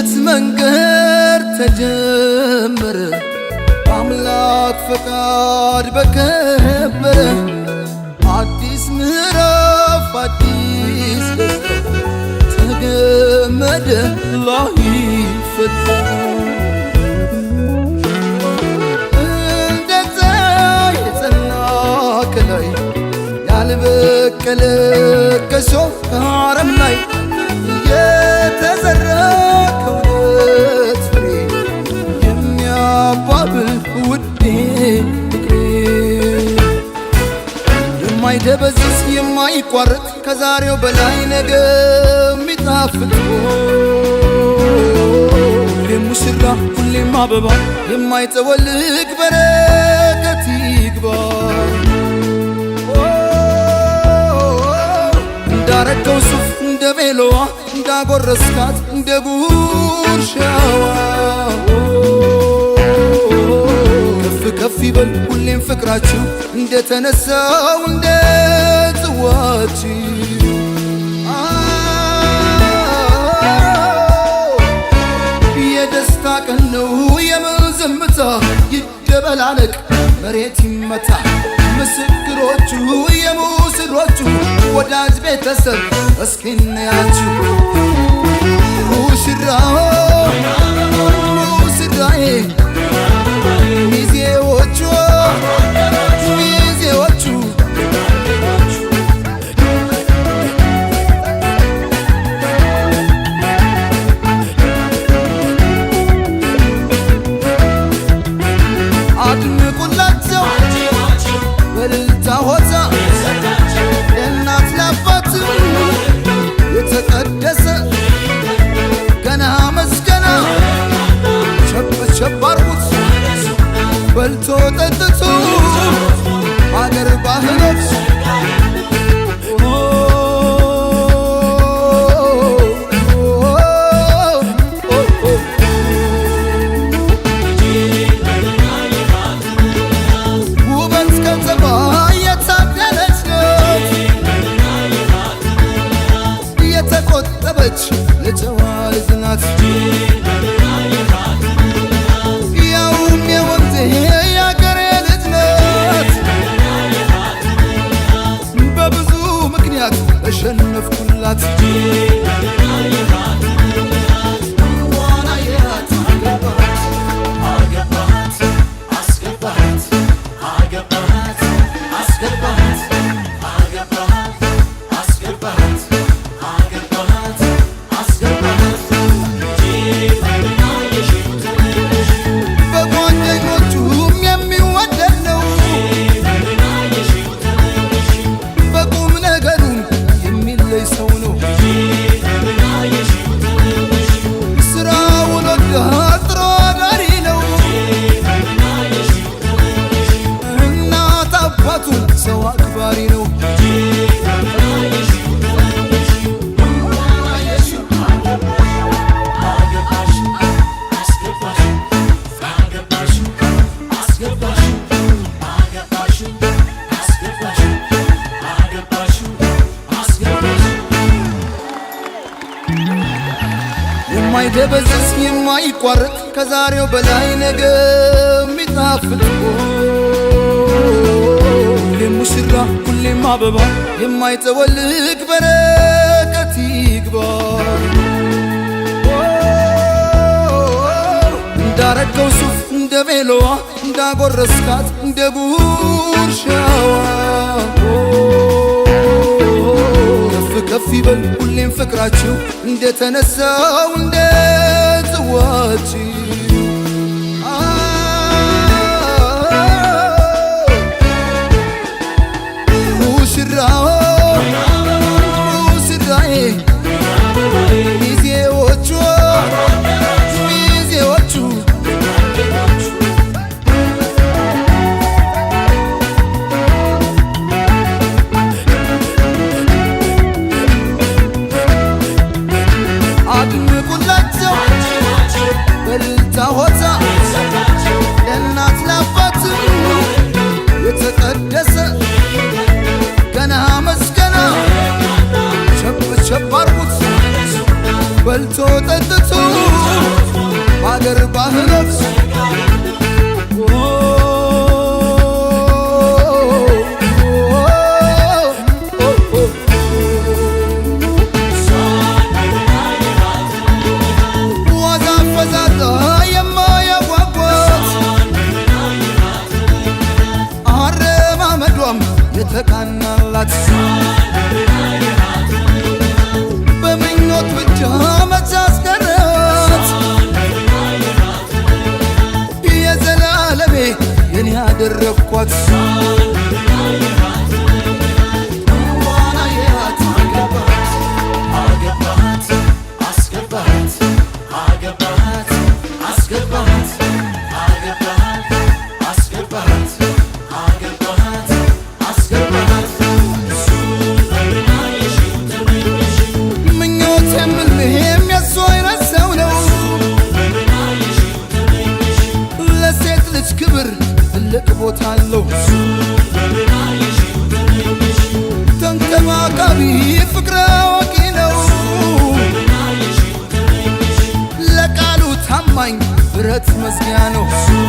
የእምነት መንገድ ተጀመረ በአምላክ ፈቃድ በከበረ አዲስ ምዕራፍ አዲስ ደስታ ተገመደ ላይፈታ እንደዛ የጸና ከላይ ያልበቀለ ከሶፍ አረም ላይ የማይቋረጥ ከዛሬው በላይ ነገ የሚጣፍጥ ሁሌም ሙሽራ ሁሌም አበባ የማይጠወልቅ በረከት ይግባ እንዳረገው ሱፍ እንደ ቤሎዋ እንዳጎረስካት እንደ ጉርሻዋ ከፍ ከፍ ይበል ሁሌም ፍቅራችሁ እንደተነሳው እንደ what የደስታ ah, ቀን ነው የምን ዝምታ ይደበላለቅ መሬት ይመታ ምስክሮቹ የሙስሮቹ ወዳጅ ቤተሰብ እስኪ እንያችሁ በልቶ ጠጥቶ አገር ባህለት አክባሪ ነው። የማይደበዝዝ የማይቋረጥ ከዛሬው በላይ ነገ የሚጣፍጥ ሞላ ሁሌም አበባ የማይጠወልግ በረከት ይግባ እንዳረገው ሱፍ እንደ ቤሎዋ እንዳጎረስካት እንደ ጉርሻዋ ከፍ ከፍ ይበል ሁሌም ፍቅራችሁ እንደተነሳው እንደ ጽዋችሁ aí በልቶ ጠጥቶ ሀገር ባህረብስ አደረኳት አስገባት አስገባት አስገባት ትልቅ ቦታ አለው። ተንከባካቢ ፍቅረ አዋቂ ነው። ለቃሉ ታማኝ ብረት መዝጊያ ነው።